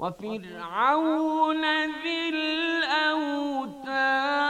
وفرعون ذي الأوتاد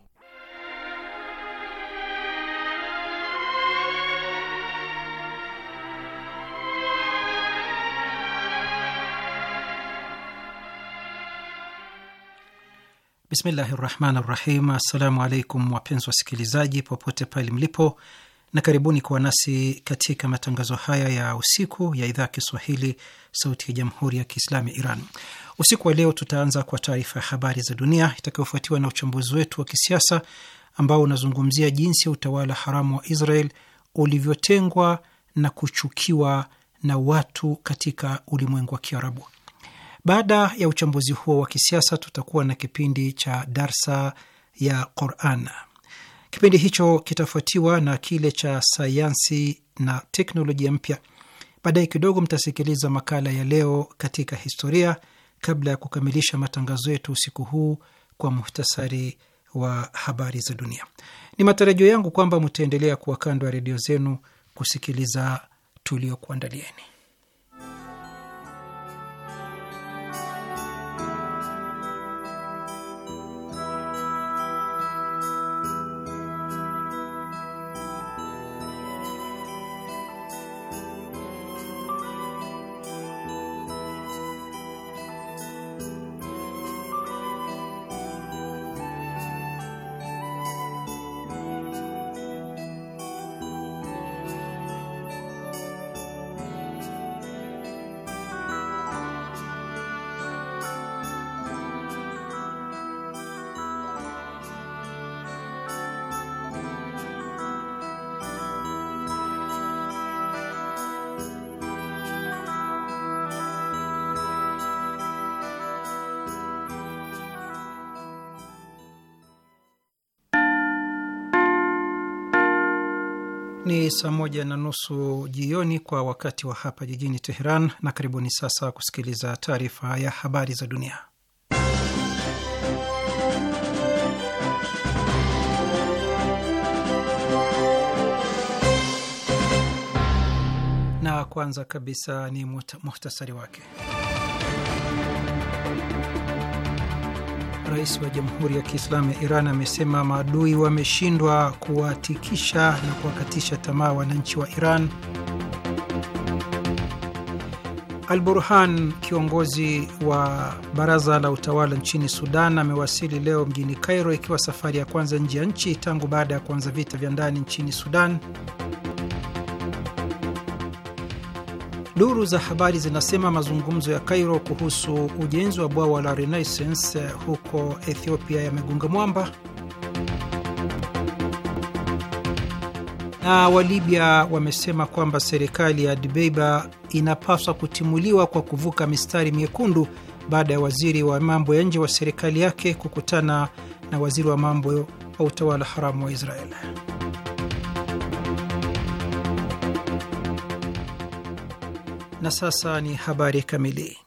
Bismillahi rahmani rahim. Assalamu alaikum wapenzi wasikilizaji popote pale mlipo, na karibuni kuwa nasi katika matangazo haya ya usiku ya idhaa ya Kiswahili sauti ya jamhuri ya Kiislamu ya Iran. Usiku wa leo tutaanza kwa taarifa ya habari za dunia itakayofuatiwa na uchambuzi wetu wa kisiasa ambao unazungumzia jinsi ya utawala haramu wa Israel ulivyotengwa na kuchukiwa na watu katika ulimwengu wa Kiarabu. Baada ya uchambuzi huo wa kisiasa, tutakuwa na kipindi cha darsa ya Quran. Kipindi hicho kitafuatiwa na kile cha sayansi na teknolojia mpya. Baadaye kidogo mtasikiliza makala ya leo katika historia, kabla ya kukamilisha matangazo yetu usiku huu kwa muhtasari wa habari za dunia. Ni matarajio yangu kwamba mtaendelea kuwa kando ya redio zenu kusikiliza tuliokuandalieni. saa moja na nusu jioni kwa wakati wa hapa jijini Teheran, na karibuni sasa kusikiliza taarifa ya habari za dunia. Na kwanza kabisa ni muhtasari wake rais wa Jamhuri ya Kiislamu ya Iran amesema maadui wameshindwa kuwatikisha na kuwakatisha tamaa wananchi wa Iran. Al-Burhan, kiongozi wa baraza la utawala nchini Sudan, amewasili leo mjini Kairo, ikiwa safari ya kwanza nje ya nchi tangu baada ya kuanza vita vya ndani nchini Sudan. Duru za habari zinasema mazungumzo ya Kairo kuhusu ujenzi wa bwawa la Renaissance eh, huko Ethiopia yamegonga mwamba, na Walibya wamesema kwamba serikali ya Dbeiba inapaswa kutimuliwa kwa kuvuka mistari miekundu baada ya waziri wa mambo ya nje wa serikali yake kukutana na waziri wa mambo wa utawala haramu wa Israeli. Na sasa ni habari kamili.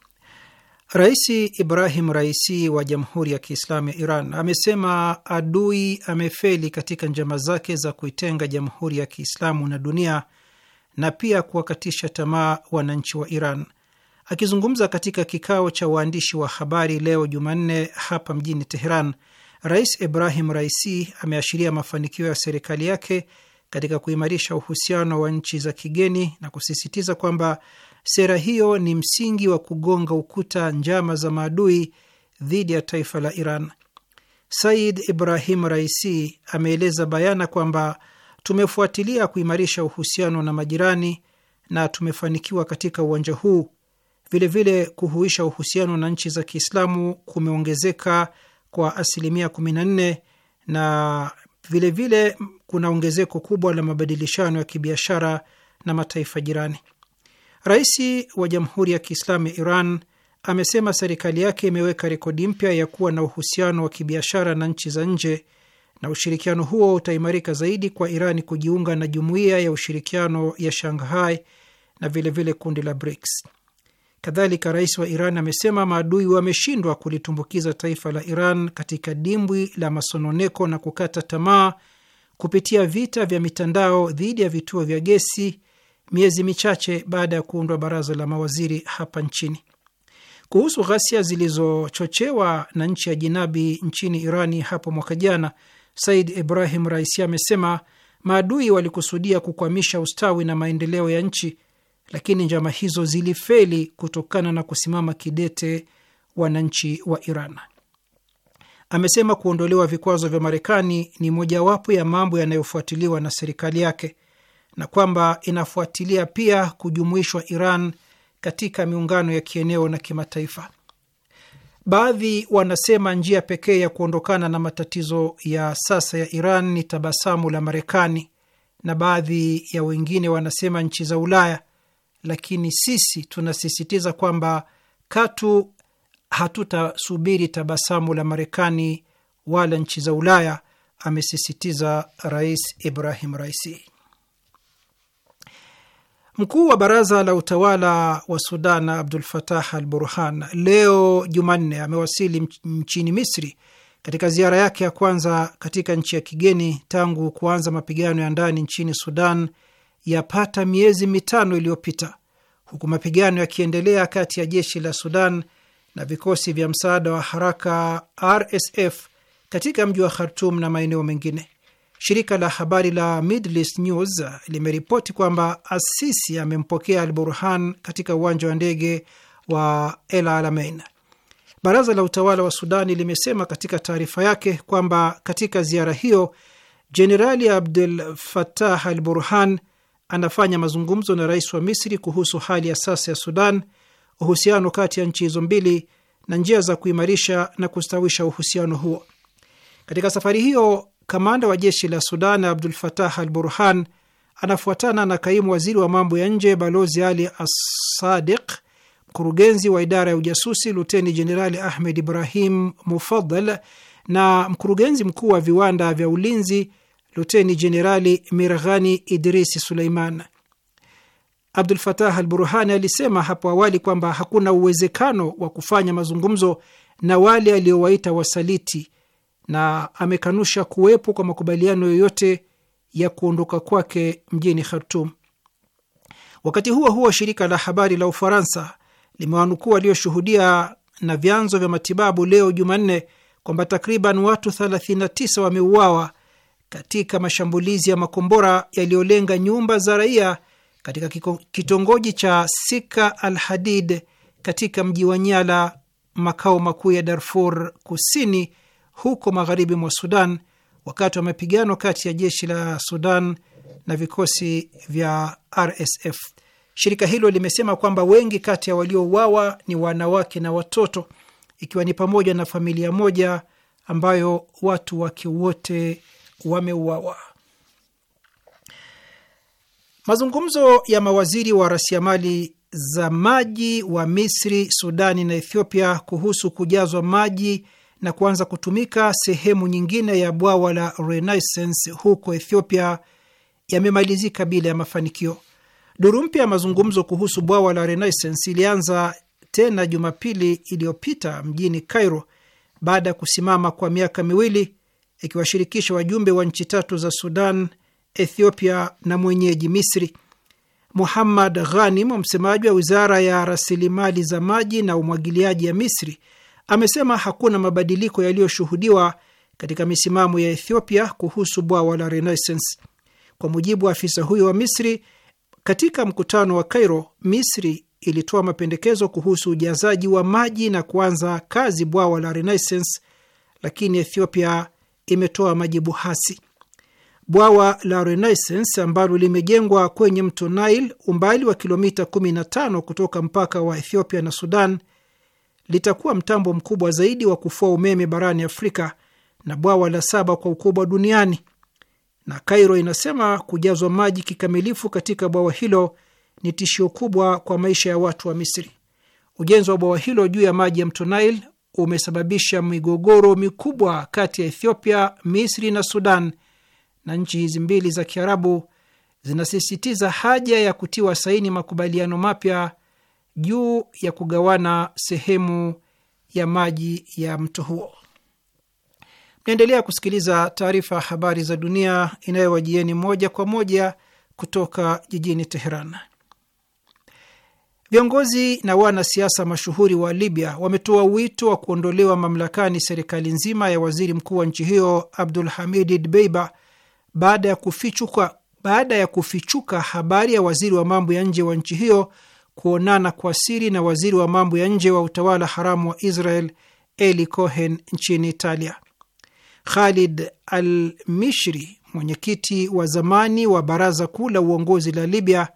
Rais Ibrahim Raisi wa Jamhuri ya Kiislamu ya Iran amesema adui amefeli katika njama zake za kuitenga Jamhuri ya Kiislamu na dunia na pia kuwakatisha tamaa wananchi wa Iran. Akizungumza katika kikao cha waandishi wa habari leo Jumanne hapa mjini Teheran, Rais Ibrahim Raisi ameashiria mafanikio ya serikali yake katika kuimarisha uhusiano wa nchi za kigeni na kusisitiza kwamba Sera hiyo ni msingi wa kugonga ukuta njama za maadui dhidi ya taifa la Iran. Said Ibrahim Raisi ameeleza bayana kwamba tumefuatilia kuimarisha uhusiano na majirani na tumefanikiwa katika uwanja huu. Vilevile, kuhuisha uhusiano na nchi za Kiislamu kumeongezeka kwa asilimia 14 na vilevile vile kuna ongezeko kubwa la mabadilishano ya kibiashara na mataifa jirani. Rais wa Jamhuri ya Kiislamu ya Iran amesema serikali yake imeweka rekodi mpya ya kuwa na uhusiano wa kibiashara na nchi za nje na ushirikiano huo utaimarika zaidi kwa Irani kujiunga na Jumuiya ya Ushirikiano ya Shanghai na vilevile kundi la BRICS. Kadhalika, rais wa Iran amesema maadui wameshindwa kulitumbukiza taifa la Iran katika dimbwi la masononeko na kukata tamaa kupitia vita vya mitandao dhidi ya vituo vya gesi miezi michache baada ya kuundwa baraza la mawaziri hapa nchini. Kuhusu ghasia zilizochochewa na nchi ya jinabi nchini Irani hapo mwaka jana, Said Ibrahim Raisi amesema maadui walikusudia kukwamisha ustawi na maendeleo ya nchi, lakini njama hizo zilifeli kutokana na kusimama kidete wananchi wa Iran. Amesema kuondolewa vikwazo vya Marekani ni mojawapo ya mambo yanayofuatiliwa na serikali yake na kwamba inafuatilia pia kujumuishwa Iran katika miungano ya kieneo na kimataifa. Baadhi wanasema njia pekee ya kuondokana na matatizo ya sasa ya Iran ni tabasamu la Marekani, na baadhi ya wengine wanasema nchi za Ulaya, lakini sisi tunasisitiza kwamba katu hatutasubiri tabasamu la Marekani wala nchi za Ulaya, amesisitiza Rais Ibrahim Raisi. Mkuu wa baraza la utawala wa Sudan Abdul Fatah al Burhan leo Jumanne amewasili nchini Misri katika ziara yake ya kwanza katika nchi ya kigeni tangu kuanza mapigano ya ndani nchini Sudan yapata miezi mitano iliyopita, huku mapigano yakiendelea kati ya jeshi la Sudan na vikosi vya msaada wa haraka RSF katika mji wa Khartum na maeneo mengine. Shirika la habari la Middle East News limeripoti kwamba Asisi amempokea Al Burhan katika uwanja wa ndege wa El Alamein. Baraza la utawala wa Sudani limesema katika taarifa yake kwamba katika ziara hiyo Jenerali Abdul fatah Al Burhan anafanya mazungumzo na rais wa Misri kuhusu hali ya sasa ya Sudan, uhusiano kati ya nchi hizo mbili na njia za kuimarisha na kustawisha uhusiano huo. Katika safari hiyo kamanda wa jeshi la Sudan Abdul Fatah al Burhan anafuatana na kaimu waziri wa mambo ya nje Balozi Ali Assadiq, mkurugenzi wa idara ya ujasusi Luteni Jenerali Ahmed Ibrahim Mufadal na mkurugenzi mkuu wa viwanda vya ulinzi Luteni Jenerali Mirghani Idrisi Suleiman. Abdul Fatah al Burhani alisema hapo awali kwamba hakuna uwezekano wa kufanya mazungumzo na wale aliowaita wasaliti na amekanusha kuwepo kwa makubaliano yoyote ya kuondoka kwake mjini Khartum. Wakati huo huo, shirika la habari la Ufaransa limewanukuu walioshuhudia na vyanzo vya matibabu leo Jumanne kwamba takriban watu 39 wameuawa katika mashambulizi ya makombora yaliyolenga nyumba za raia katika kitongoji cha Sika al Hadid katika mji wa Nyala, makao makuu ya Darfur Kusini huko magharibi mwa Sudan wakati wa mapigano kati ya jeshi la Sudan na vikosi vya RSF. Shirika hilo limesema kwamba wengi kati ya waliouawa ni wanawake na watoto, ikiwa ni pamoja na familia moja ambayo watu wake wote wameuawa. Mazungumzo ya mawaziri wa rasilimali za maji wa Misri, Sudani na Ethiopia kuhusu kujazwa maji na kuanza kutumika sehemu nyingine ya bwawa la Renaissance huko Ethiopia yamemalizika bila ya mafanikio. Duru mpya ya mazungumzo kuhusu bwawa la Renaissance ilianza tena Jumapili iliyopita mjini Cairo baada ya kusimama kwa miaka miwili, ikiwashirikisha wajumbe wa nchi tatu za Sudan, Ethiopia na mwenyeji Misri. Muhammad Ghanim, msemaji wa wizara ya rasilimali za maji na umwagiliaji ya Misri, amesema hakuna mabadiliko yaliyoshuhudiwa katika misimamo ya Ethiopia kuhusu bwawa la Renaissance. Kwa mujibu wa afisa huyo wa Misri, katika mkutano wa Cairo, Misri ilitoa mapendekezo kuhusu ujazaji wa maji na kuanza kazi bwawa la Renaissance, lakini Ethiopia imetoa majibu hasi. Bwawa la Renaissance ambalo limejengwa kwenye mto Nile umbali wa kilomita 15 kutoka mpaka wa Ethiopia na Sudan litakuwa mtambo mkubwa zaidi wa kufua umeme barani Afrika na bwawa la saba kwa ukubwa duniani, na cairo inasema kujazwa maji kikamilifu katika bwawa hilo ni tishio kubwa kwa maisha ya watu wa Misri. Ujenzi wa bwawa hilo juu ya maji ya mto Nile umesababisha migogoro mikubwa kati ya Ethiopia, Misri na Sudan, na nchi hizi mbili za Kiarabu zinasisitiza haja ya kutiwa saini makubaliano mapya juu ya kugawana sehemu ya maji ya mto huo. Mnaendelea kusikiliza taarifa ya habari za dunia inayowajieni moja kwa moja kutoka jijini Teheran. Viongozi na wanasiasa mashuhuri wa Libya wametoa wito wa kuondolewa mamlakani serikali nzima ya waziri mkuu wa nchi hiyo Abdul Hamid Dbeiba baada ya kufichuka, baada ya kufichuka habari ya waziri wa mambo ya nje wa nchi hiyo kuonana kwa siri na waziri wa mambo ya nje wa utawala haramu wa Israel Eli Cohen nchini Italia. Khalid al-Mishri, mwenyekiti wa zamani wa baraza kuu la uongozi la Libya,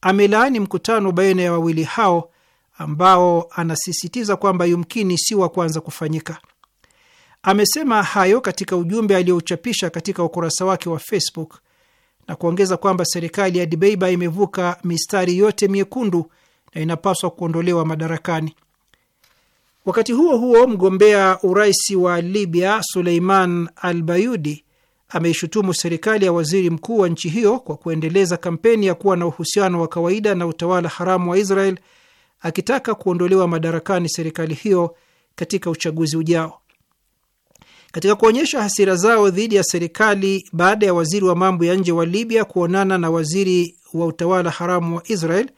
amelaani mkutano baina ya wawili hao ambao anasisitiza kwamba yumkini si wa kwanza kufanyika. Amesema hayo katika ujumbe aliyouchapisha katika ukurasa wake wa Facebook na kuongeza kwamba serikali ya Dibeiba imevuka mistari yote miekundu na inapaswa kuondolewa madarakani. Wakati huo huo, mgombea urais wa Libya Suleiman Al Bayudi ameishutumu serikali ya waziri mkuu wa nchi hiyo kwa kuendeleza kampeni ya kuwa na uhusiano wa kawaida na utawala haramu wa Israel, akitaka kuondolewa madarakani serikali hiyo katika uchaguzi ujao katika kuonyesha hasira zao dhidi ya serikali baada ya waziri wa mambo ya nje wa Libya kuonana na waziri wa utawala haramu wa Israel,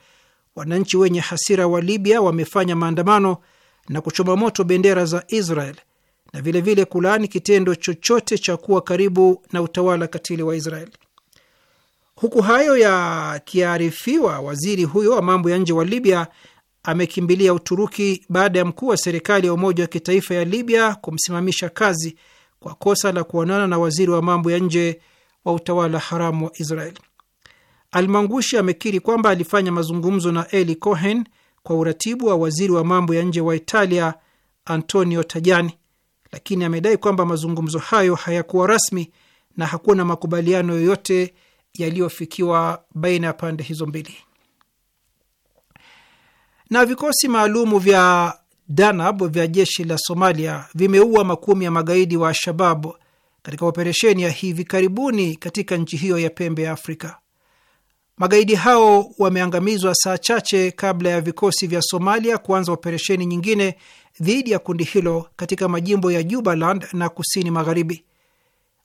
wananchi wenye hasira wa Libya wamefanya maandamano na kuchoma moto bendera za Israel na vilevile vile kulaani kitendo chochote cha kuwa karibu na utawala katili wa Israel. Huku hayo yakiarifiwa, waziri huyo wa mambo ya nje wa Libya amekimbilia Uturuki baada ya mkuu wa serikali ya umoja wa kitaifa ya Libya kumsimamisha kazi kwa kosa la kuonana na waziri wa mambo ya nje wa utawala haramu wa Israel. Almangushi amekiri kwamba alifanya mazungumzo na Eli Cohen kwa uratibu wa waziri wa mambo ya nje wa Italia Antonio Tajani, lakini amedai kwamba mazungumzo hayo hayakuwa rasmi na hakuna makubaliano yoyote yaliyofikiwa baina ya pande hizo mbili. Na vikosi maalumu vya Danab vya jeshi la Somalia vimeua makumi ya magaidi wa Al-Shabab katika operesheni ya hivi karibuni katika nchi hiyo ya pembe ya Afrika. Magaidi hao wameangamizwa saa chache kabla ya vikosi vya Somalia kuanza operesheni nyingine dhidi ya kundi hilo katika majimbo ya Jubaland na kusini magharibi.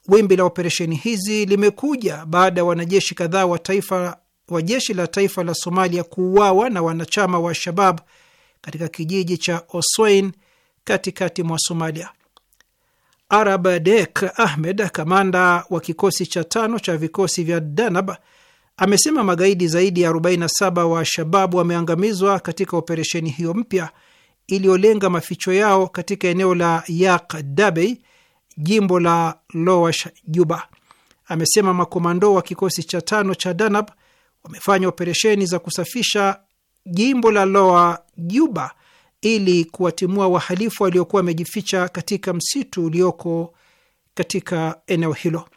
Wimbi la operesheni hizi limekuja baada ya wanajeshi kadhaa wa taifa wa jeshi la taifa la Somalia kuuawa na wanachama wa Shabab katika kijiji cha Oswein katikati mwa Somalia. Arab Dek Ahmed, kamanda wa kikosi cha tano cha vikosi vya Danab, amesema magaidi zaidi ya 47 wa Shababu wameangamizwa katika operesheni hiyo mpya iliyolenga maficho yao katika eneo la Yak dabey jimbo la Lower Juba. Amesema makomando wa kikosi cha tano cha Danab wamefanya operesheni za kusafisha jimbo la Loa Juba ili kuwatimua wahalifu waliokuwa wamejificha katika msitu ulioko katika eneo hilo.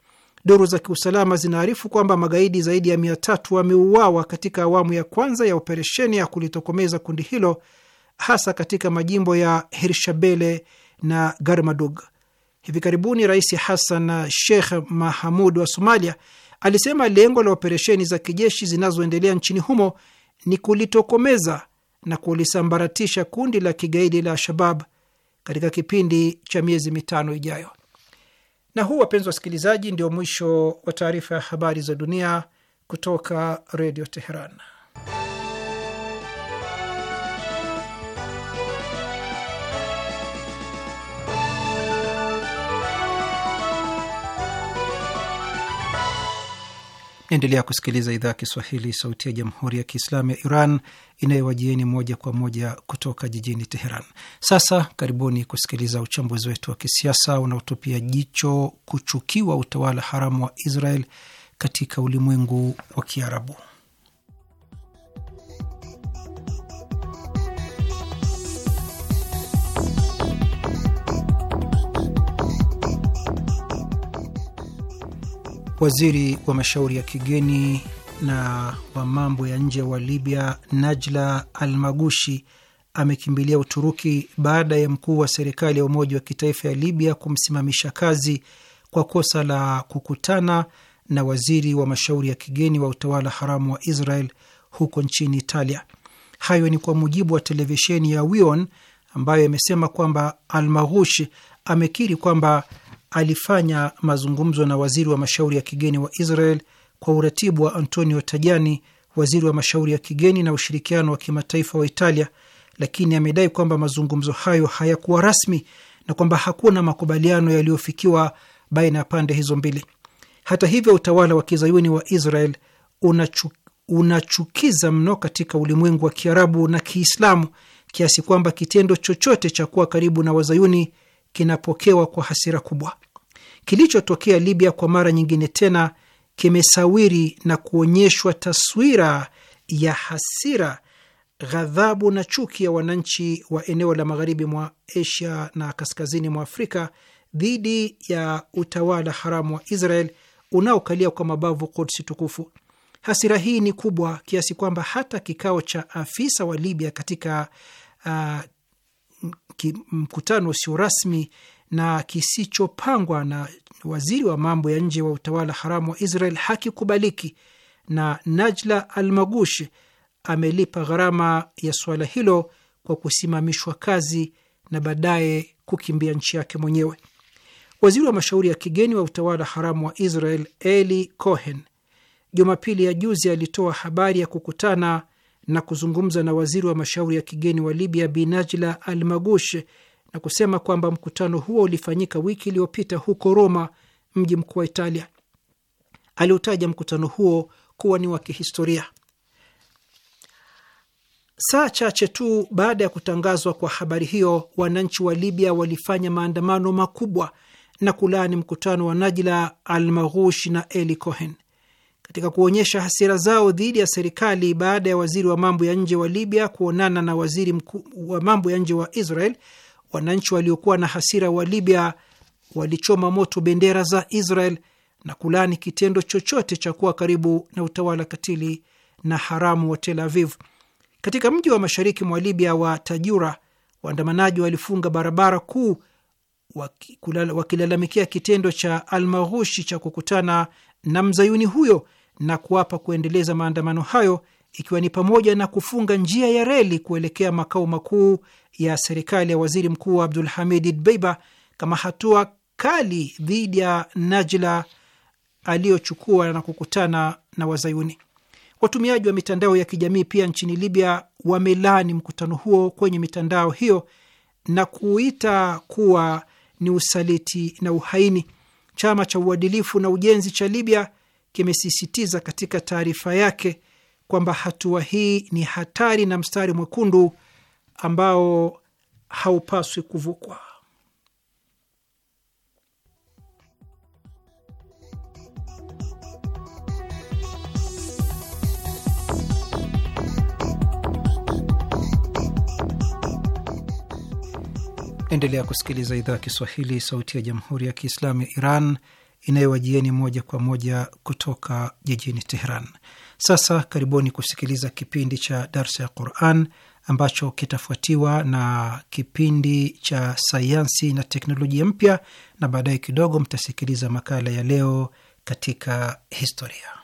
Duru za kiusalama zinaarifu kwamba magaidi zaidi ya mia tatu wameuawa katika awamu ya kwanza ya operesheni ya kulitokomeza kundi hilo hasa katika majimbo ya Hirshabele na Garmadug. Hivi karibuni Rais Hassan Sheikh Mahamud wa Somalia alisema lengo la operesheni za kijeshi zinazoendelea nchini humo ni kulitokomeza na kulisambaratisha kundi la kigaidi la Al-Shabab katika kipindi cha miezi mitano ijayo. Na huu, wapenzi wasikilizaji, ndio mwisho wa taarifa ya habari za dunia kutoka Redio Teheran. Naendelea kusikiliza idhaa ya Kiswahili, sauti ya jamhuri ya kiislamu ya Iran inayowajieni moja kwa moja kutoka jijini Teheran. Sasa karibuni kusikiliza uchambuzi wetu wa kisiasa unaotupia jicho kuchukiwa utawala haramu wa Israel katika ulimwengu wa Kiarabu. Waziri wa mashauri ya kigeni na wa mambo ya nje wa Libya Najla Al-Magushi amekimbilia Uturuki baada ya mkuu wa serikali ya umoja wa kitaifa ya Libya kumsimamisha kazi kwa kosa la kukutana na waziri wa mashauri ya kigeni wa utawala haramu wa Israel huko nchini Italia. Hayo ni kwa mujibu wa televisheni ya WION ambayo imesema kwamba Al-Maghushi amekiri kwamba alifanya mazungumzo na waziri wa mashauri ya kigeni wa Israel kwa uratibu wa Antonio Tajani, waziri wa mashauri ya kigeni na ushirikiano wa kimataifa wa Italia, lakini amedai kwamba mazungumzo hayo hayakuwa rasmi na kwamba hakuna makubaliano yaliyofikiwa baina ya pande hizo mbili. Hata hivyo, utawala wa kizayuni wa Israel unachu, unachukiza mno katika ulimwengu wa Kiarabu na Kiislamu kiasi kwamba kitendo chochote cha kuwa karibu na wazayuni kinapokewa kwa hasira kubwa. Kilichotokea Libya kwa mara nyingine tena kimesawiri na kuonyeshwa taswira ya hasira, ghadhabu na chuki ya wananchi wa eneo la magharibi mwa Asia na kaskazini mwa Afrika dhidi ya utawala haramu wa Israel unaokalia kwa mabavu Kudsi tukufu. Hasira hii ni kubwa kiasi kwamba hata kikao cha afisa wa Libya katika uh, mkutano usio rasmi na kisichopangwa na waziri wa mambo ya nje wa utawala haramu wa Israel hakikubaliki, na Najla Al-Magush amelipa gharama ya suala hilo kwa kusimamishwa kazi na baadaye kukimbia nchi yake mwenyewe. Waziri wa mashauri ya kigeni wa utawala haramu wa Israel Eli Cohen Jumapili ya juzi alitoa habari ya kukutana na kuzungumza na waziri wa mashauri ya kigeni wa Libya Bi Najla Al Magush na kusema kwamba mkutano huo ulifanyika wiki iliyopita huko Roma, mji mkuu wa Italia. Aliutaja mkutano huo kuwa ni wa kihistoria. Saa chache tu baada ya kutangazwa kwa habari hiyo, wananchi wa Libya walifanya maandamano makubwa na kulaani mkutano wa Najla Al Maghush na Eli Cohen katika kuonyesha hasira zao dhidi ya serikali baada ya waziri wa mambo ya nje wa Libya kuonana na waziri mkuu wa mambo ya nje wa Israel, wananchi waliokuwa na hasira wa Libya walichoma moto bendera za Israel na kulani kitendo chochote cha kuwa karibu na utawala katili na haramu wa Tel Aviv. Katika mji wa mashariki mwa Libya wa Tajura, waandamanaji walifunga barabara kuu wakilalamikia kitendo cha Almaghushi cha kukutana na mzayuni huyo na kuapa kuendeleza maandamano hayo ikiwa ni pamoja na kufunga njia ya reli kuelekea makao makuu ya serikali ya waziri mkuu Abdul Hamid Dbeiba kama hatua kali dhidi ya Najla aliyochukua na kukutana na Wazayuni. Watumiaji wa mitandao ya kijamii pia nchini Libya wamelaani mkutano huo kwenye mitandao hiyo na kuita kuwa ni usaliti na uhaini. Chama cha Uadilifu na Ujenzi cha Libya kimesisitiza katika taarifa yake kwamba hatua hii ni hatari na mstari mwekundu ambao haupaswi kuvukwa. Endelea kusikiliza idhaa ya Kiswahili, sauti ya jamhuri ya kiislamu ya Iran inayowajieni moja kwa moja kutoka jijini Teheran. Sasa karibuni kusikiliza kipindi cha darsa ya Quran ambacho kitafuatiwa na kipindi cha sayansi na teknolojia mpya, na baadaye kidogo mtasikiliza makala ya leo katika historia.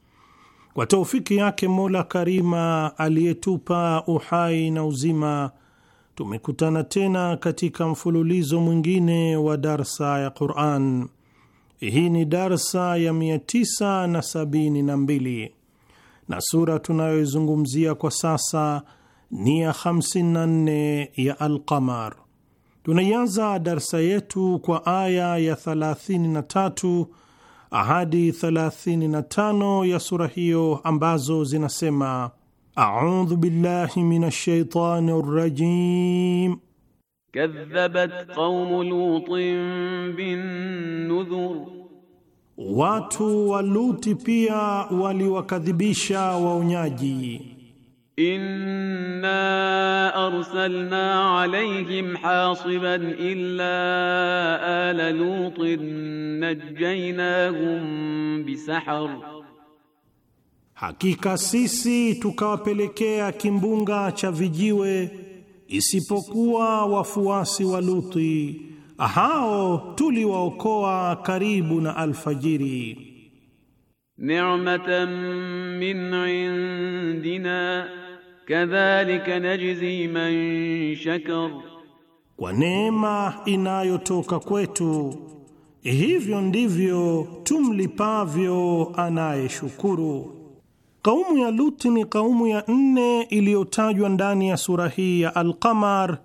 kwa taufiki yake Mola Karima aliyetupa uhai na uzima, tumekutana tena katika mfululizo mwingine wa darsa ya Quran. Hii ni darsa ya 972 na, na sura tunayoizungumzia kwa sasa ni ya 54 ya Alqamar. Tunaianza darsa yetu kwa aya ya 33 ahadi 35 ya sura hiyo ambazo zinasema: audhu billahi minash shaitani rajim, kadhabat qaumu lutin bin nudhur, watu wa Luti pia waliwakadhibisha waonyaji Inna arsalna alayhim hasiban illa ala lutin najaynahum bisahar, hakika sisi tukawapelekea kimbunga cha vijiwe isipokuwa wafuasi wa Luti, hao tuliwaokoa karibu na alfajiri ni'matan min indina kadhalika najzi man shakar, kwa neema inayotoka kwetu, hivyo ndivyo tumlipavyo anayeshukuru. Kaumu ya Luti ni kaumu ya nne iliyotajwa ndani ya sura hii ya alqamar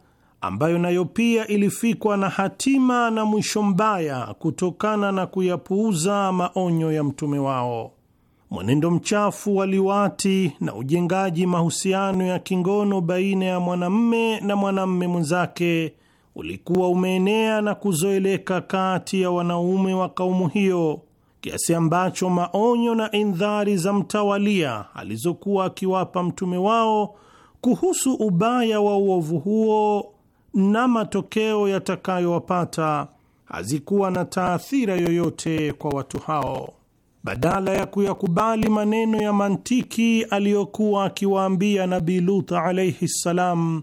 ambayo nayo pia ilifikwa na hatima na mwisho mbaya kutokana na kuyapuuza maonyo ya mtume wao. Mwenendo mchafu wa liwati na ujengaji mahusiano ya kingono baina ya mwanamme na mwanamme mwenzake ulikuwa umeenea na kuzoeleka kati ya wanaume wa kaumu hiyo kiasi ambacho maonyo na indhari za mtawalia alizokuwa akiwapa mtume wao kuhusu ubaya wa uovu huo na matokeo yatakayowapata hazikuwa na taathira yoyote kwa watu hao. Badala ya kuyakubali maneno ya mantiki aliyokuwa akiwaambia Nabii Lut alaihi ssalam,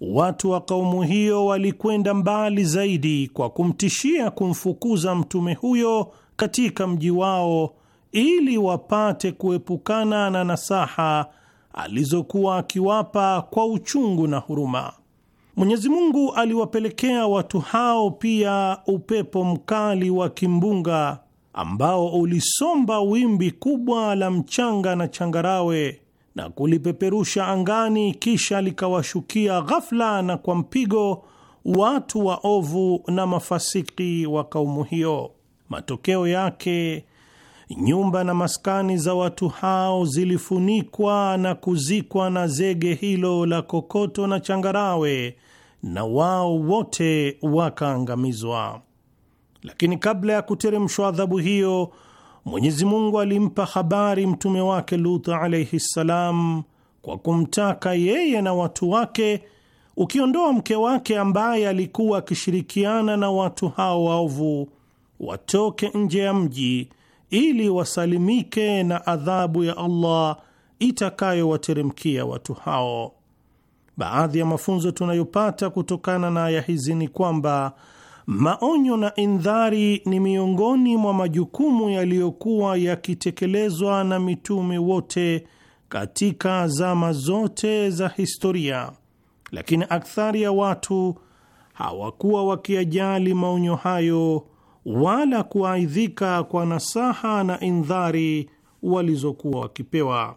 watu wa kaumu hiyo walikwenda mbali zaidi kwa kumtishia kumfukuza mtume huyo katika mji wao ili wapate kuepukana na nasaha alizokuwa akiwapa kwa uchungu na huruma. Mwenyezi Mungu aliwapelekea watu hao pia upepo mkali wa kimbunga ambao ulisomba wimbi kubwa la mchanga na changarawe na kulipeperusha angani, kisha likawashukia ghafla na kwa mpigo watu waovu na mafasiki wa kaumu hiyo. Matokeo yake nyumba na maskani za watu hao zilifunikwa na kuzikwa na zege hilo la kokoto na changarawe na wao wote wakaangamizwa. Lakini kabla ya kuteremshwa adhabu hiyo, Mwenyezi Mungu alimpa habari mtume wake Lut alaihi ssalam, kwa kumtaka yeye na watu wake, ukiondoa mke wake ambaye alikuwa akishirikiana na watu hao waovu, watoke nje ya mji ili wasalimike na adhabu ya Allah itakayowateremkia watu hao. Baadhi ya mafunzo tunayopata kutokana na aya hizi ni kwamba maonyo na indhari ni miongoni mwa majukumu yaliyokuwa yakitekelezwa na mitume wote katika zama zote za historia, lakini akthari ya watu hawakuwa wakiyajali maonyo hayo wala kuaidhika kwa nasaha na indhari walizokuwa wakipewa.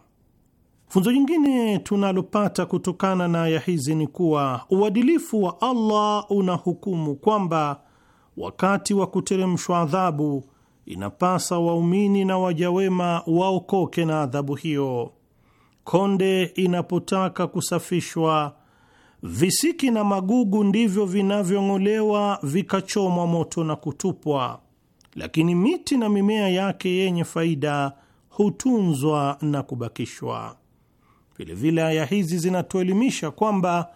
Funzo jingine tunalopata kutokana na aya hizi ni kuwa uadilifu wa Allah unahukumu kwamba wakati wa kuteremshwa adhabu inapasa waumini na wajawema waokoke na adhabu hiyo. Konde inapotaka kusafishwa, visiki na magugu ndivyo vinavyong'olewa vikachomwa moto na kutupwa, lakini miti na mimea yake yenye faida hutunzwa na kubakishwa. Vilevile aya hizi zinatuelimisha kwamba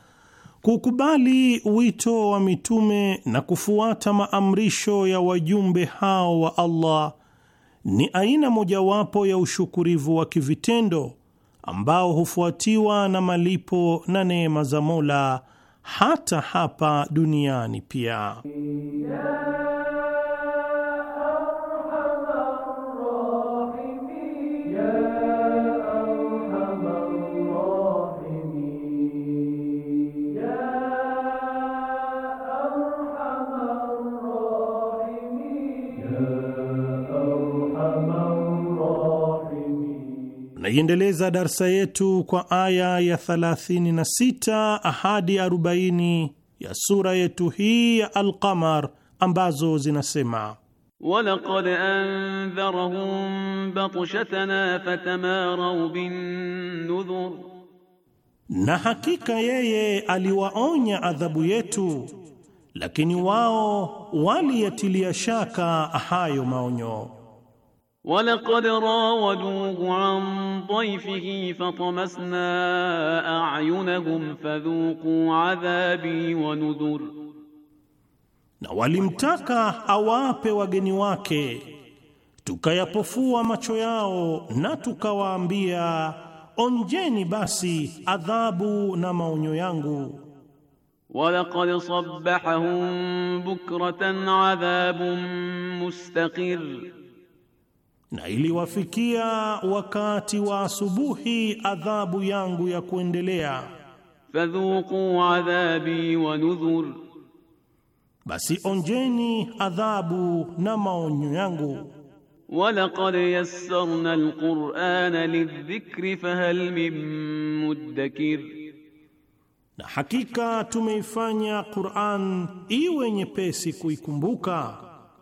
kukubali wito wa mitume na kufuata maamrisho ya wajumbe hao wa Allah ni aina mojawapo ya ushukurivu wa kivitendo ambao hufuatiwa na malipo na neema za Mola hata hapa duniani pia. Yeah. Tunaiendeleza darsa yetu kwa aya ya 36 hadi 40 ya sura yetu hii ya Alqamar ambazo zinasema walaqad andharahum batshatana fatamarau binnudhur, na hakika yeye aliwaonya adhabu yetu, lakini wao waliyatilia shaka hayo maonyo. Walaqad rawaduhu an dhayfihi fatamasna a'yunahum fadhuqu adhabi wa nudhur, na walimtaka awape wageni wake, tukayapofua macho yao na tukawaambia onjeni basi adhabu na maonyo yangu. Walaqad sabbahahum bukratan adhabun mustaqir na iliwafikia wakati wa asubuhi adhabu yangu ya kuendelea. Fadhuqu adhabi wa nudhur, basi onjeni adhabu na maonyo yangu. Walaqad yassarna alqur'ana lidhikri fahal min muddakir, na hakika tumeifanya Qur'an iwe nyepesi kuikumbuka,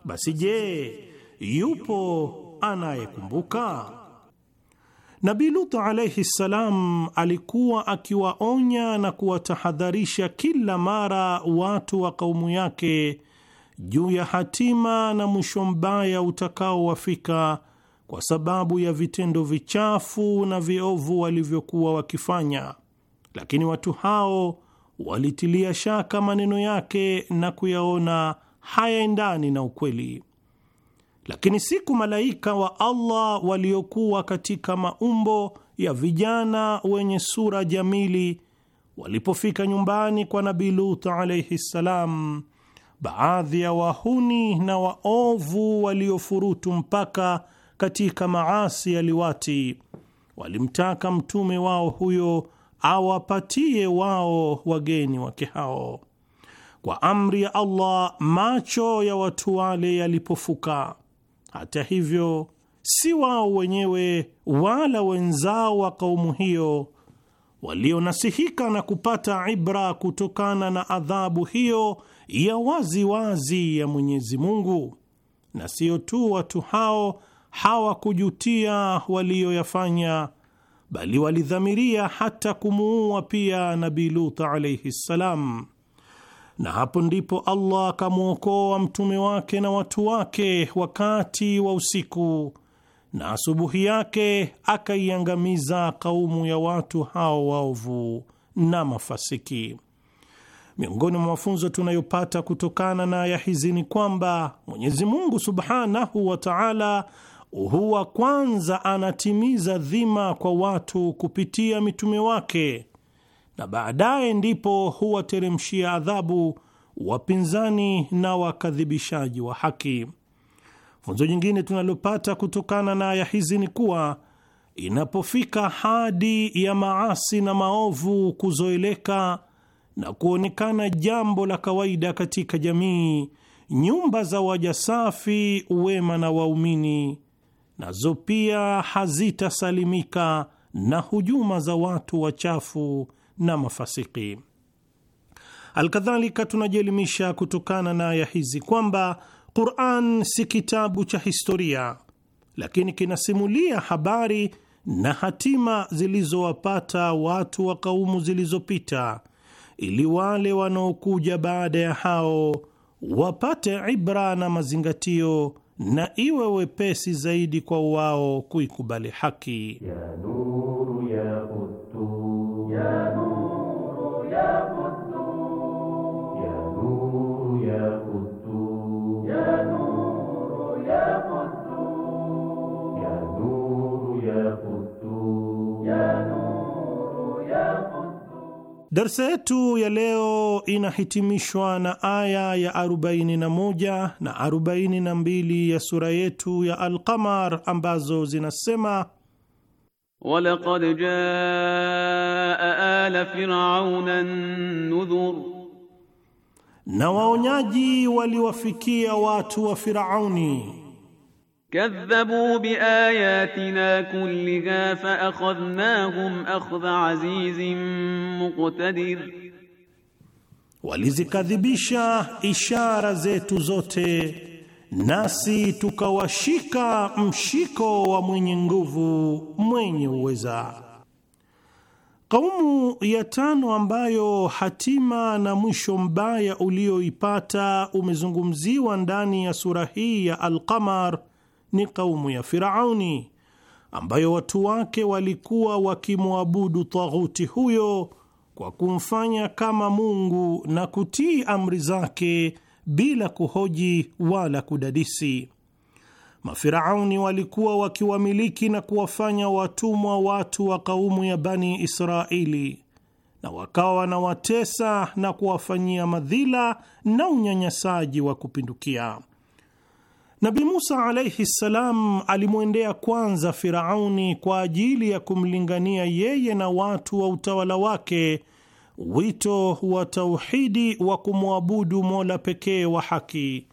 basi je, yupo anayekumbuka? nabi Lut alaihi ssalam alikuwa akiwaonya na kuwatahadharisha kila mara watu wa kaumu yake juu ya hatima na mwisho mbaya utakaowafika kwa sababu ya vitendo vichafu na viovu walivyokuwa wakifanya, lakini watu hao walitilia shaka maneno yake na kuyaona hayaendani na ukweli. Lakini siku malaika wa Allah waliokuwa katika maumbo ya vijana wenye sura jamili walipofika nyumbani kwa nabi Lut alaihi ssalam, baadhi ya wahuni na waovu waliofurutu mpaka katika maasi ya liwati walimtaka mtume wao huyo awapatie wao wageni wake hao. Kwa amri ya Allah, macho ya watu wale yalipofuka hata hivyo, si wao wenyewe wala wenzao wa kaumu hiyo walionasihika na kupata ibra kutokana na adhabu hiyo ya wazi wazi ya Mwenyezi Mungu. Na sio tu watu hao hawakujutia waliyoyafanya bali walidhamiria hata kumuua pia Nabii Lut alaihi ssalam na hapo ndipo Allah akamwokoa mtume wake na watu wake wakati wa usiku, na asubuhi yake akaiangamiza kaumu ya watu hao waovu na mafasiki. Miongoni mwa mafunzo tunayopata kutokana na aya hizi ni kwamba Mwenyezi Mungu subhanahu wa taala huwa kwanza anatimiza dhima kwa watu kupitia mitume wake na baadaye ndipo huwateremshia adhabu wapinzani na wakadhibishaji wa haki. Funzo jingine tunalopata kutokana na aya hizi ni kuwa inapofika hadi ya maasi na maovu kuzoeleka na kuonekana jambo la kawaida katika jamii, nyumba za waja safi wema na waumini nazo pia hazitasalimika na hujuma za watu wachafu na mafasiki. Alkadhalika, tunajielimisha kutokana na aya hizi kwamba Quran si kitabu cha historia, lakini kinasimulia habari na hatima zilizowapata watu wa kaumu zilizopita, ili wale wanaokuja baada ya hao wapate ibra na mazingatio na iwe wepesi zaidi kwa wao kuikubali haki ya nuru ya kutu, ya Darsa yetu ya leo inahitimishwa na aya ya 41 na 42 ya sura yetu ya Alqamar ambazo zinasema walaqad jaa ala firauna nudhur, na waonyaji waliwafikia watu wa Firauni Kadhabu biayatina kulliha faakhadhnahum akhdha azizin muqtadir, walizikadhibisha ishara zetu zote nasi tukawashika mshiko wa mwenye nguvu mwenye uweza. Kaumu ya tano ambayo hatima na mwisho mbaya ulioipata umezungumziwa ndani ya sura hii ya al ni kaumu ya Firauni ambayo watu wake walikuwa wakimwabudu taghuti huyo kwa kumfanya kama Mungu na kutii amri zake bila kuhoji wala kudadisi. Mafirauni walikuwa wakiwamiliki na kuwafanya watumwa watu wa kaumu ya Bani Israeli, na wakawa wanawatesa na kuwafanyia madhila na unyanyasaji wa kupindukia. Nabi Musa alaihi ssalam alimwendea kwanza Firauni kwa ajili ya kumlingania yeye na watu wa utawala wake wito wa tauhidi wa kumwabudu Mola pekee wa haki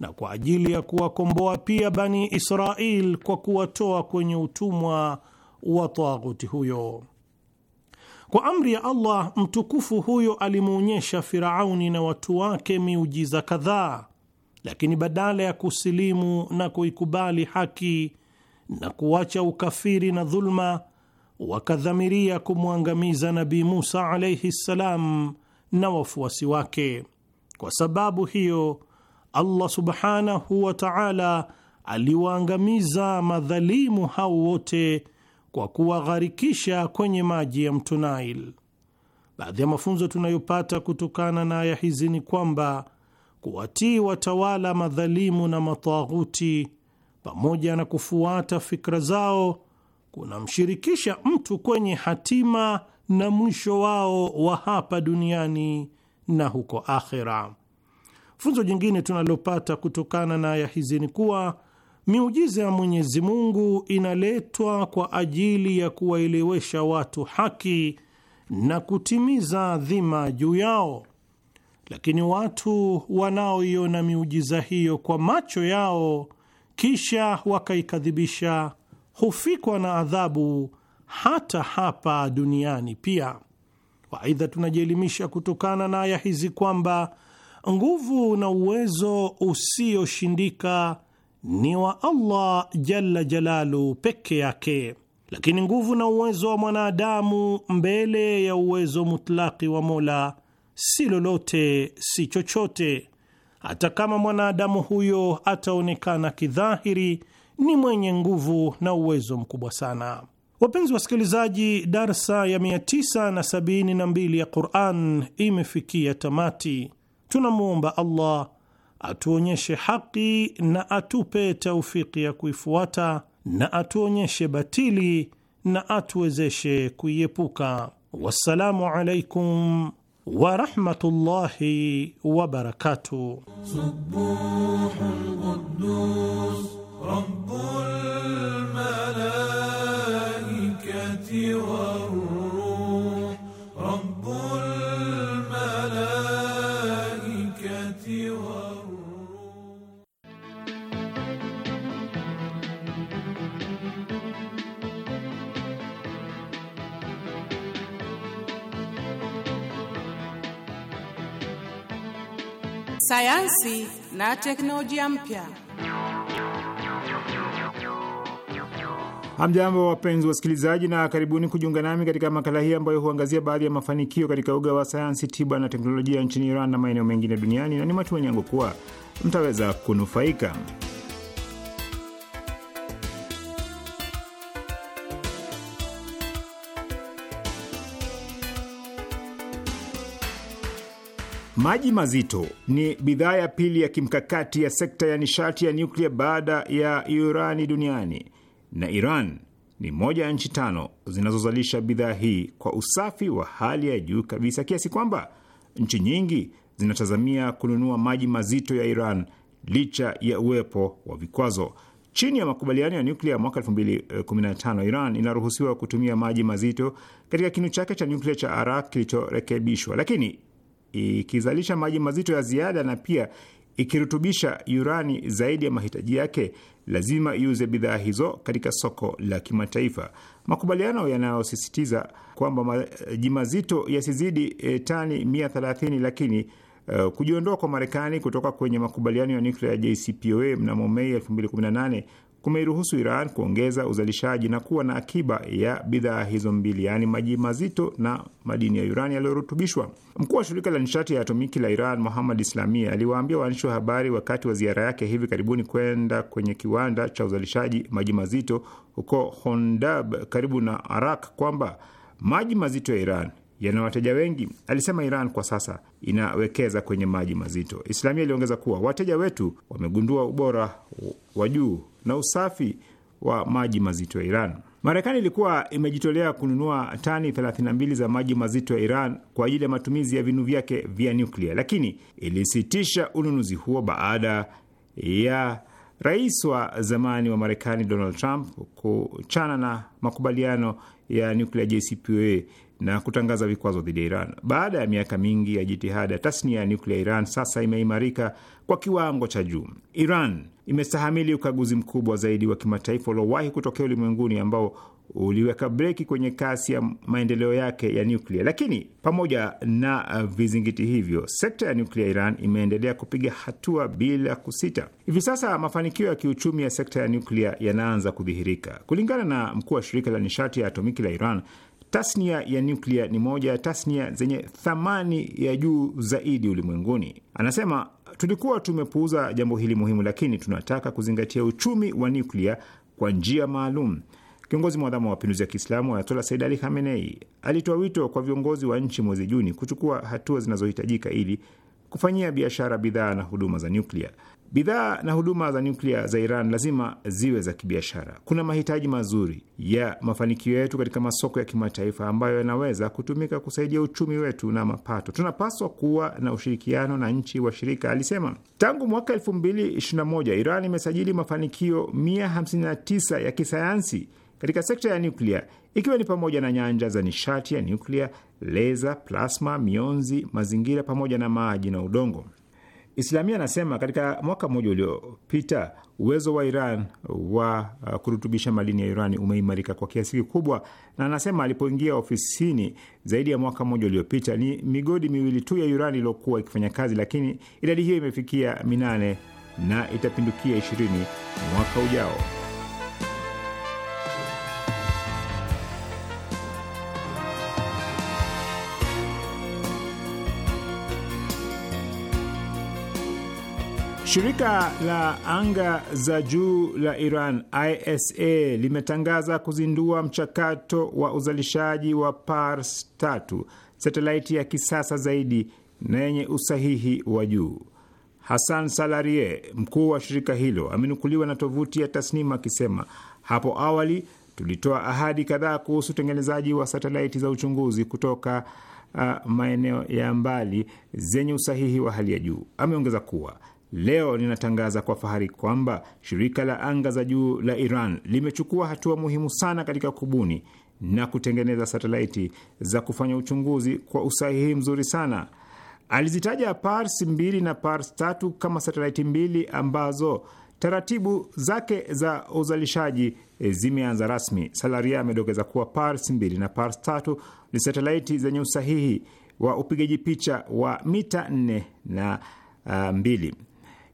na kwa ajili ya kuwakomboa pia Bani israel kwa kuwatoa kwenye utumwa wa taghuti huyo. Kwa amri ya Allah mtukufu, huyo alimuonyesha Firauni na watu wake miujiza kadhaa lakini badala ya kusilimu na kuikubali haki na kuacha ukafiri na dhulma, wakadhamiria kumwangamiza Nabii Musa alaihi ssalam na wafuasi wake. Kwa sababu hiyo, Allah subhanahu wa taala aliwaangamiza madhalimu hao wote kwa kuwagharikisha kwenye maji ya mto Nile. Baadhi ya mafunzo tunayopata kutokana na aya hizi ni kwamba kuwatii watawala madhalimu na mataghuti pamoja na kufuata fikra zao kunamshirikisha mtu kwenye hatima na mwisho wao wa hapa duniani na huko akhera. Funzo jingine tunalopata kutokana na aya hizi ni kuwa miujiza ya Mwenyezi Mungu inaletwa kwa ajili ya kuwaelewesha watu haki na kutimiza dhima juu yao lakini watu wanaoiona miujiza hiyo kwa macho yao kisha wakaikadhibisha hufikwa na adhabu hata hapa duniani pia. Waaidha, tunajielimisha kutokana na aya hizi kwamba nguvu na uwezo usioshindika ni wa Allah jalla jalalu peke yake, lakini nguvu na uwezo wa mwanadamu mbele ya uwezo mutlaki wa Mola si lolote, si chochote, hata kama mwanadamu huyo ataonekana kidhahiri ni mwenye nguvu na uwezo mkubwa sana. Wapenzi wasikilizaji, darsa ya 972 ya Quran imefikia tamati. Tunamwomba Allah atuonyeshe haki na atupe taufiki ya kuifuata na atuonyeshe batili na atuwezeshe kuiepuka. Wassalamu alaikum ورحمة الله وبركاته سبوح القدوس رب الملائكة والروح رب الملائكة sayansi na teknolojia mpya. Hamjambo, wapenzi wasikilizaji, na karibuni kujiunga nami katika makala hii ambayo huangazia baadhi ya mafanikio katika uga wa sayansi, tiba na teknolojia nchini Iran na maeneo mengine duniani, na ni matumaini yangu kuwa mtaweza kunufaika. Maji mazito ni bidhaa ya pili ya kimkakati ya sekta ya nishati ya nyuklia baada ya urani duniani, na Iran ni moja ya nchi tano zinazozalisha bidhaa hii kwa usafi wa hali ya juu kabisa, kiasi kwamba nchi nyingi zinatazamia kununua maji mazito ya Iran licha ya uwepo wa vikwazo. Chini ya makubaliano ya nyuklia mwaka 2015 eh, Iran inaruhusiwa kutumia maji mazito katika kinu chake cha nyuklia cha Arak kilichorekebishwa, lakini ikizalisha maji mazito ya ziada na pia ikirutubisha urani zaidi ya mahitaji yake, lazima iuze bidhaa hizo katika soko la kimataifa. Makubaliano yanayosisitiza kwamba maji mazito yasizidi e, tani thelathini, lakini e, kujiondoa kwa Marekani kutoka kwenye makubaliano ya nuklia ya JCPOA mnamo Mei nane kumeiruhusu Iran kuongeza uzalishaji na kuwa na akiba ya bidhaa hizo mbili, yaani maji mazito na madini ya urani yaliyorutubishwa. Mkuu wa shirika la nishati ya atomiki la Iran, Muhammad Islami, aliwaambia waandishi wa habari wakati wa ziara yake hivi karibuni kwenda kwenye kiwanda cha uzalishaji maji mazito huko Hondab karibu na Arak kwamba maji mazito ya Iran yana wateja wengi. Alisema Iran kwa sasa inawekeza kwenye maji mazito. Islamia iliongeza kuwa wateja wetu wamegundua ubora wa juu na usafi wa maji mazito ya Iran. Marekani ilikuwa imejitolea kununua tani 32 za maji mazito ya Iran kwa ajili ya matumizi ya vinu vyake vya nyuklia, lakini ilisitisha ununuzi huo baada ya rais wa zamani wa Marekani Donald Trump kuchana na makubaliano ya nuklia JCPOA na kutangaza vikwazo dhidi ya Iran. Baada ya miaka mingi ya jitihada, tasnia ya nyuklia ya Iran sasa imeimarika kwa kiwango cha juu. Iran imestahamili ukaguzi mkubwa zaidi wa kimataifa uliowahi kutokea ulimwenguni ambao uliweka breki kwenye kasi ya maendeleo yake ya nyuklia. Lakini pamoja na uh, vizingiti hivyo, sekta ya nyuklia Iran imeendelea kupiga hatua bila kusita. Hivi sasa mafanikio ya kiuchumi ya sekta ya nyuklia yanaanza kudhihirika. Kulingana na mkuu wa shirika la nishati ya atomiki la Iran, Tasnia ya nyuklia ni moja ya tasnia zenye thamani ya juu zaidi ulimwenguni. Anasema, tulikuwa tumepuuza jambo hili muhimu, lakini tunataka kuzingatia uchumi wa nyuklia kwa njia maalum. Kiongozi mwadhamu wa mapinduzi ya Kiislamu Ayatola Said Ali Khamenei alitoa wito kwa viongozi wa nchi mwezi Juni kuchukua hatua zinazohitajika ili kufanyia biashara bidhaa na huduma za nyuklia. Bidhaa na huduma za nyuklia za Iran lazima ziwe za kibiashara. Kuna mahitaji mazuri ya mafanikio yetu katika masoko ya kimataifa ambayo yanaweza kutumika kusaidia uchumi wetu na mapato. Tunapaswa kuwa na ushirikiano na nchi washirika, alisema. Tangu mwaka 2021 Iran imesajili mafanikio 159 ya kisayansi katika sekta ya nyuklia ikiwa ni pamoja na nyanja za nishati ya nyuklia, leza, plasma, mionzi, mazingira pamoja na maji na udongo. Islamia anasema katika mwaka mmoja uliopita uwezo wa Iran wa uh, kurutubisha madini ya urani umeimarika kwa kiasi kikubwa, na anasema alipoingia ofisini zaidi ya mwaka mmoja uliopita ni migodi miwili tu ya urani iliyokuwa ikifanya kazi, lakini idadi hiyo imefikia minane na itapindukia ishirini mwaka ujao. Shirika la anga za juu la Iran ISA limetangaza kuzindua mchakato wa uzalishaji wa Pars tatu, satelaiti ya kisasa zaidi na yenye usahihi wa juu. Hassan Salarie, mkuu wa shirika hilo, amenukuliwa na tovuti ya Tasnim akisema hapo awali tulitoa ahadi kadhaa kuhusu utengenezaji wa satelaiti za uchunguzi kutoka uh, maeneo ya mbali zenye usahihi wa hali ya juu. Ameongeza kuwa Leo ninatangaza kwa fahari kwamba shirika la anga za juu la Iran limechukua hatua muhimu sana katika kubuni na kutengeneza satelaiti za kufanya uchunguzi kwa usahihi mzuri sana. Alizitaja Pars mbili na Pars tatu kama satelaiti mbili ambazo taratibu zake za uzalishaji e, zimeanza rasmi. Salaria amedokeza kuwa Pars mbili na Pars tatu ni satelaiti zenye usahihi wa upigaji picha wa mita nne na uh, mbili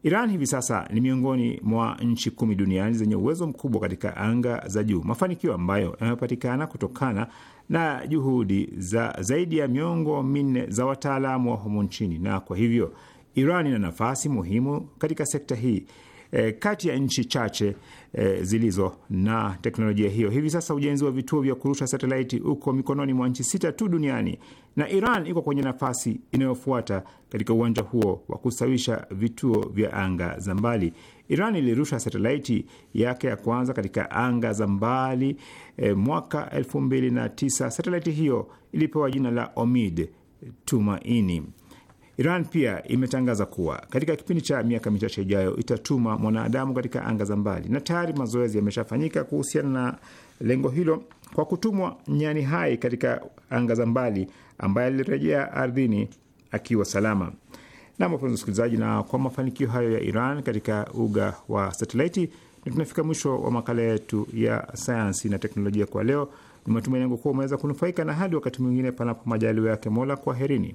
Iran hivi sasa ni miongoni mwa nchi kumi duniani zenye uwezo mkubwa katika anga za juu, mafanikio ambayo yamepatikana kutokana na juhudi za zaidi ya miongo minne za wataalamu wa humu nchini, na kwa hivyo Iran ina nafasi muhimu katika sekta hii e, kati ya nchi chache e, zilizo na teknolojia hiyo. Hivi sasa ujenzi wa vituo vya kurusha satelaiti uko mikononi mwa nchi sita tu duniani na Iran iko kwenye nafasi inayofuata katika uwanja huo wa kusawisha vituo vya anga za mbali. Iran ilirusha satelaiti yake ya kwanza katika anga za mbali e, mwaka elfu mbili na tisa. Satelaiti hiyo ilipewa jina la Omid Tumaini. Iran pia imetangaza kuwa katika kipindi cha miaka michache ijayo itatuma mwanadamu katika anga za mbali, na tayari mazoezi yameshafanyika kuhusiana na lengo hilo kwa kutumwa nyani hai katika anga za mbali ambaye alirejea ardhini akiwa salama. Na wapenzi wasikilizaji, na kwa mafanikio hayo ya Iran katika uga wa satelaiti, na tunafika mwisho wa makala yetu ya sayansi na teknolojia kwa leo. Ni matumaini yangu kuwa umeweza kunufaika, na hadi wakati mwingine, panapo majaliwa yake Mola, kwaherini.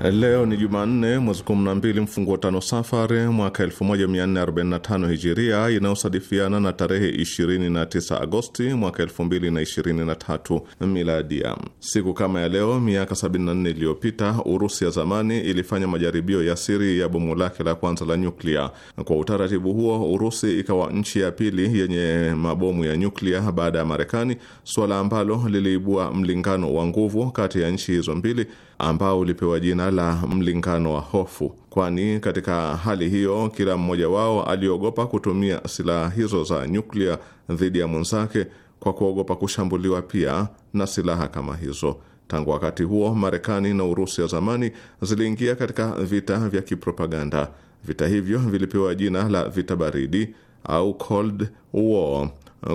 Leo ni Jumanne, mwezi 12 mfunguo tano Safari mwaka 1445 Hijiria, inayosadifiana na tarehe 29 Agosti mwaka 2023 Miladia. Siku kama ya leo miaka 74 iliyopita, Urusi ya zamani ilifanya majaribio ya siri ya bomu lake la kwanza la nyuklia. Kwa utaratibu huo, Urusi ikawa nchi ya pili yenye mabomu ya nyuklia baada ya Marekani, suala ambalo liliibua mlingano wa nguvu kati ya nchi hizo mbili ambao ulipewa jina la mlingano wa hofu, kwani katika hali hiyo kila mmoja wao aliogopa kutumia silaha hizo za nyuklia dhidi ya mwenzake kwa kuogopa kushambuliwa pia na silaha kama hizo. Tangu wakati huo, Marekani na Urusi ya zamani ziliingia katika vita vya kipropaganda. Vita hivyo vilipewa jina la vita baridi au Cold War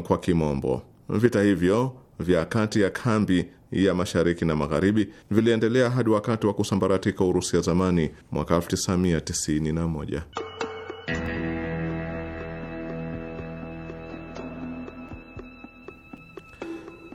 kwa kimombo. Vita hivyo vya kati ya kambi ya mashariki na magharibi viliendelea hadi wakati wa kusambaratika Urusi ya zamani mwaka 1991.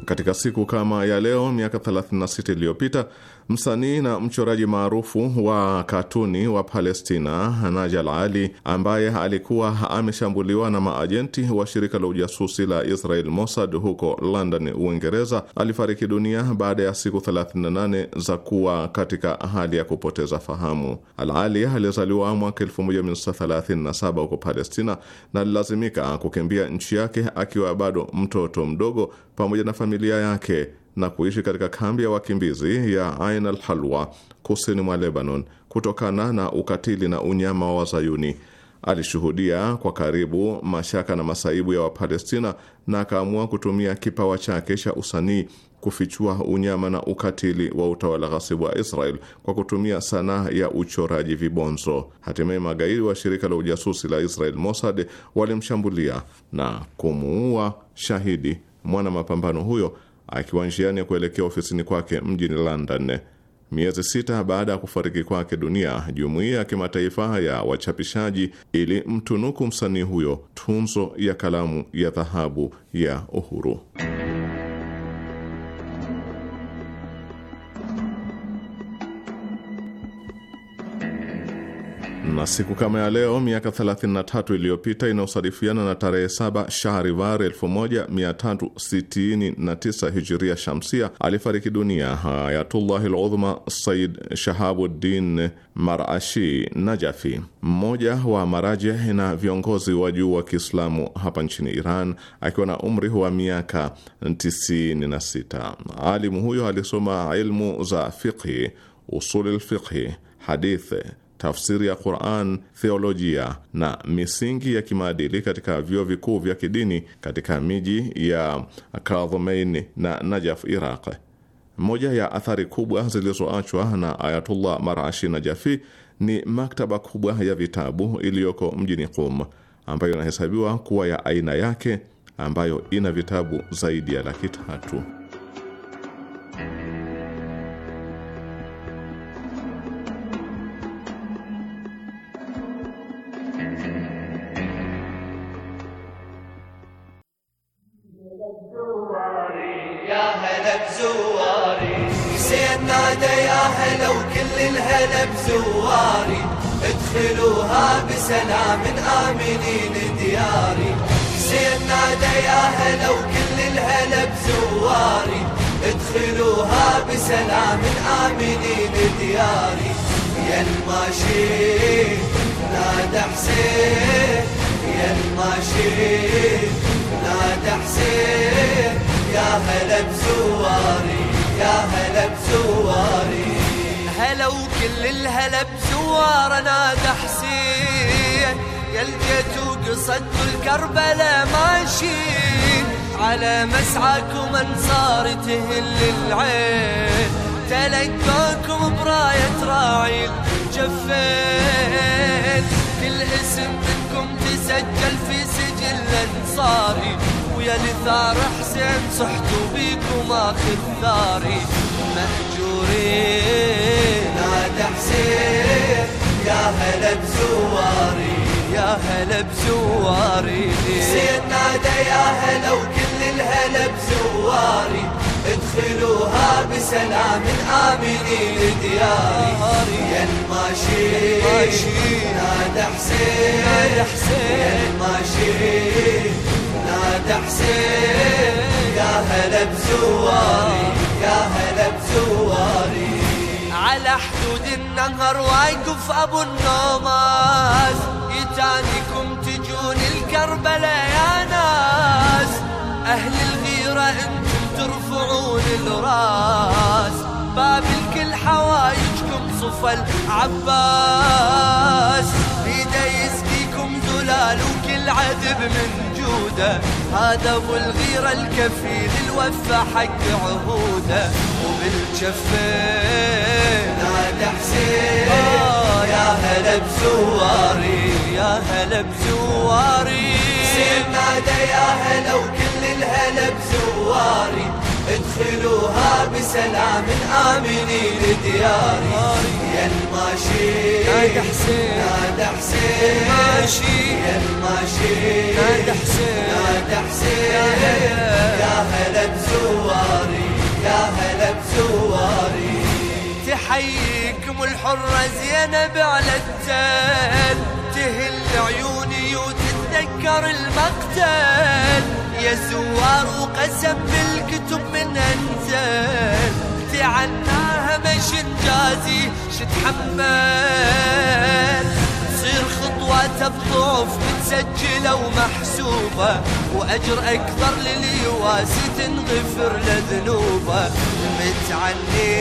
Katika siku kama ya leo miaka 36 iliyopita msanii na mchoraji maarufu wa katuni wa Palestina Najal Ali, ambaye alikuwa ameshambuliwa na maajenti wa shirika la ujasusi la Israel Mossad huko London, Uingereza, alifariki dunia baada ya siku 38 za kuwa katika hali ya kupoteza fahamu. Al Ali alizaliwa mwaka 1937 huko Palestina na alilazimika kukimbia nchi yake akiwa bado mtoto mdogo pamoja na familia familia yake na kuishi katika kambi ya wakimbizi ya Ain al Halwa kusini mwa Lebanon kutokana na ukatili na unyama wa Wazayuni. Alishuhudia kwa karibu mashaka na masaibu ya Wapalestina na akaamua kutumia kipawa chake cha usanii kufichua unyama na ukatili wa utawala ghasibu wa Israel kwa kutumia sanaa ya uchoraji vibonzo. Hatimaye magaidi wa shirika la ujasusi la Israel Mossad walimshambulia na kumuua shahidi mwana mapambano huyo akiwa njiani ya kuelekea ofisini kwake mjini London. Miezi sita baada ya kufariki kwake dunia, jumuiya ya kimataifa ya wachapishaji ili mtunuku msanii huyo tunzo ya kalamu ya dhahabu ya uhuru. na siku kama ya leo miaka 33 iliyopita inaosadifiana na tarehe 7 Shahrivar 1369 Hijiria Shamsia, alifariki dunia Ayatullah Ludhma Said Shahabuddin Marashi Najafi, mmoja wa maraje na viongozi wa juu wa Kiislamu hapa nchini Iran, akiwa na umri wa miaka 96. Alimu huyo alisoma ilmu za fiqhi, usulil fiqhi, hadithi tafsiri ya Quran, theolojia na misingi ya kimaadili katika vyuo vikuu vya kidini katika miji ya Kadhomein na Najaf, Iraq. Moja ya athari kubwa zilizoachwa na Ayatullah Marashi Najafi ni maktaba kubwa ya vitabu iliyoko mjini Qum ambayo inahesabiwa kuwa ya aina yake ambayo ina vitabu zaidi ya laki tatu. النار نادى حسين يا لقيت وقصدت الكربلة ماشين على مسعاكم انصار تهل العين تلقاكم براية راعي الجفين كل اسم منكم تسجل في سجل انصاري ويا لثار حسين صحتوا بيكم اخذ ثاري مهجورين نادى حسين يا هلا بزواري يا هلا بزواري حسين نادى يا هلا وكل الهلا بزواري ادخلوها بسلام آمنين لدياري يا الماشي ماشي نادى حسين يا الماشي نادى حسين يا هلا بزواري يا هلا بزواري على حدود النهر واقف ابو النماس يتانيكم تجون الكربلاء يا ناس اهل الغيرة انتم ترفعون الراس باب الكل حوايجكم صفى العباس بيده يسقيكم ذلال وكل عذب من جوده هذا ابو الغيرة الكفيل الوفى حق عهوده وبالجفين حسين يا هلا بزواري يا هلا بزواري حسين يا هلا وكل الهلا بزواري ادخلوها بسلام آمنين لدياري يا الماشي نادى حسين نادى حسين ماشي يا الماشي نادى حسين نادى حسين يا هلا بزواري يا هلا بزواري حيكم الحرة زينب على التل تهل عيوني وتتذكر المقتل يا زوار وقسم بالكتب من انزل تعناها مش انجازي شتحمل خطوات الطوف متسجلة ومحسوبة وأجر أكثر للي تنغفر لذنوبه متعني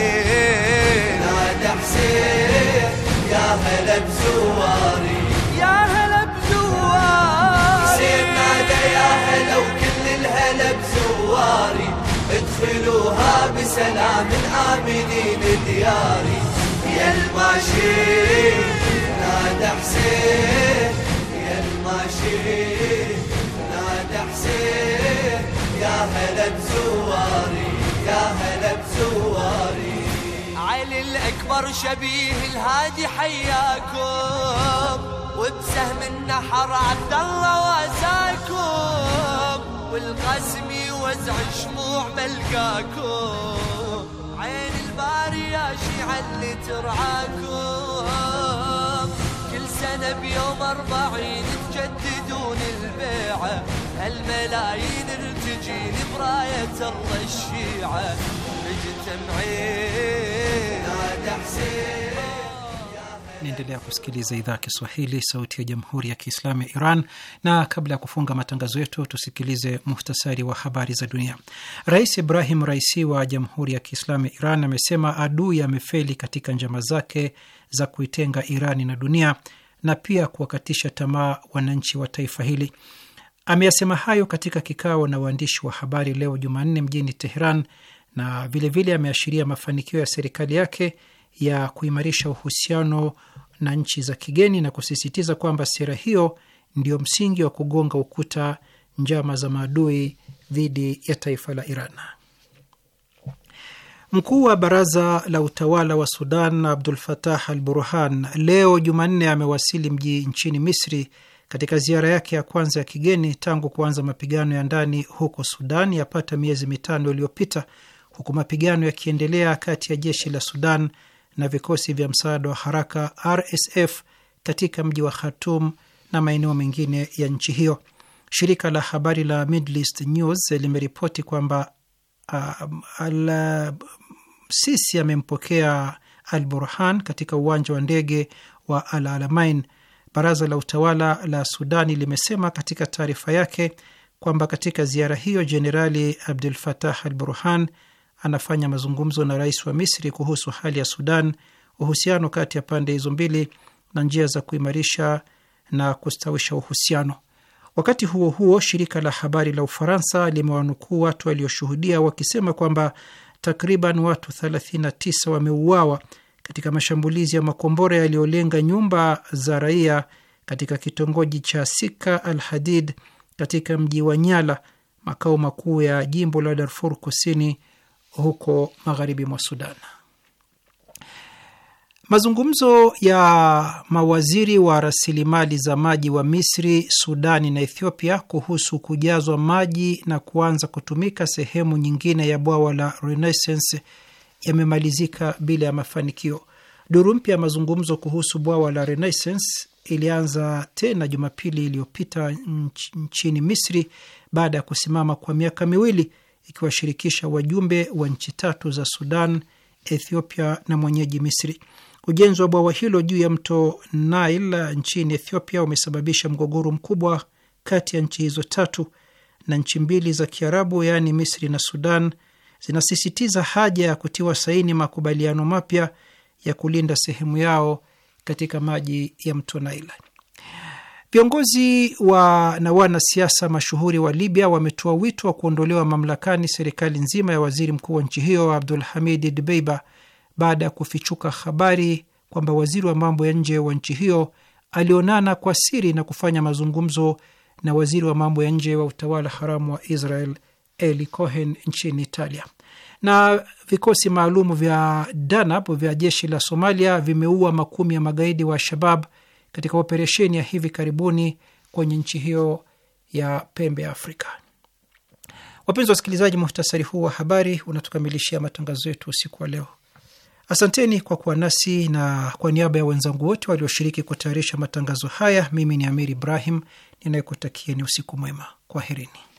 نادى حسين يا هلا بزواري يا هلا بزواري حسين نادى يا هلا وكل الهلا بزواري ادخلوها بسلام آمنين دياري يا الماشي نادى حسين يا الماشي نادى حسين يا هلا بزواري يا هلا بزواري علي الأكبر شبيه الهادي حياكم وبسهم النحر عبد الله واساكم والقسم يوزع شموع ملقاكم عين الباري يا شيعة اللي ترعاكم سنة بيوم أربعين تجددون البيعة الملايين ارتجين براية الله الشيعة مجتمعين نادى حسين Naendelea kusikiliza idhaa ya Kiswahili, sauti ya jamhuri ya kiislamu ya Iran. Na kabla ya kufunga matangazo yetu, tusikilize muhtasari wa habari za dunia. Rais Ibrahim Raisi wa Jamhuri ya Kiislamu ya Iran amesema adui amefeli katika njama zake za kuitenga Irani na dunia na pia kuwakatisha tamaa wananchi wa taifa hili. Ameyasema hayo katika kikao na waandishi wa habari leo Jumanne mjini Teheran, na vilevile ameashiria mafanikio ya serikali yake ya kuimarisha uhusiano na nchi za kigeni na kusisitiza kwamba sera hiyo ndio msingi wa kugonga ukuta njama za maadui dhidi ya taifa la Iran. Mkuu wa baraza la utawala wa Sudan Abdul Fatah al Burhan leo Jumanne amewasili mji nchini Misri katika ziara yake ya kwanza ya kigeni tangu kuanza mapigano ya ndani huko Sudan yapata miezi mitano iliyopita, huku mapigano yakiendelea kati ya jeshi la Sudan na vikosi vya msaada wa haraka RSF katika mji wa khatum na maeneo mengine ya nchi hiyo. Shirika la habari la Middle East News limeripoti kwamba Um, sisi amempokea Al Burhan katika uwanja wa ndege wa Al Alamain. Baraza la utawala la Sudani limesema katika taarifa yake kwamba katika ziara hiyo Jenerali Abdul Fatah Al Burhan anafanya mazungumzo na rais wa Misri kuhusu hali ya Sudan, uhusiano kati ya pande hizo mbili na njia za kuimarisha na kustawisha uhusiano. Wakati huo huo, shirika la habari la Ufaransa limewanukuu watu walioshuhudia wakisema kwamba takriban watu 39 wameuawa katika mashambulizi ya makombora yaliyolenga nyumba za raia katika kitongoji cha Sika al Hadid katika mji wa Nyala, makao makuu ya jimbo la Darfur Kusini, huko magharibi mwa Sudan. Mazungumzo ya mawaziri wa rasilimali za maji wa Misri, Sudani na Ethiopia kuhusu kujazwa maji na kuanza kutumika sehemu nyingine ya bwawa la Renaissance yamemalizika bila ya mafanikio. Duru mpya ya mazungumzo kuhusu bwawa la Renaissance ilianza tena Jumapili iliyopita nchini Misri baada ya kusimama kwa miaka miwili, ikiwashirikisha wajumbe wa nchi tatu za Sudan, Ethiopia na mwenyeji Misri. Ujenzi wa bwawa hilo juu ya mto Nile nchini Ethiopia umesababisha mgogoro mkubwa kati ya nchi hizo tatu, na nchi mbili za Kiarabu yaani Misri na Sudan zinasisitiza haja ya kutiwa saini makubaliano mapya ya kulinda sehemu yao katika maji ya mto Nile. Viongozi wa na wanasiasa mashuhuri wa Libya wametoa wito wa kuondolewa mamlakani serikali nzima ya waziri mkuu wa nchi hiyo Abdul Hamid Dbeiba baada ya kufichuka habari kwamba waziri wa mambo ya nje wa nchi hiyo alionana kwa siri na kufanya mazungumzo na waziri wa mambo ya nje wa utawala haramu wa Israel Eli Cohen nchini Italia. Na vikosi maalum vya Danab vya jeshi la Somalia vimeua makumi ya magaidi wa Shabab katika operesheni ya hivi karibuni kwenye nchi hiyo ya pembe ya Afrika. Wapenzi wa wasikilizaji, muhtasari huu wa habari unatukamilishia matangazo yetu usiku wa leo. Asanteni kwa kuwa nasi, na kwa niaba ya wenzangu wote walioshiriki kutayarisha matangazo haya, mimi ni Amir Ibrahim ninayekutakieni usiku mwema. Kwaherini.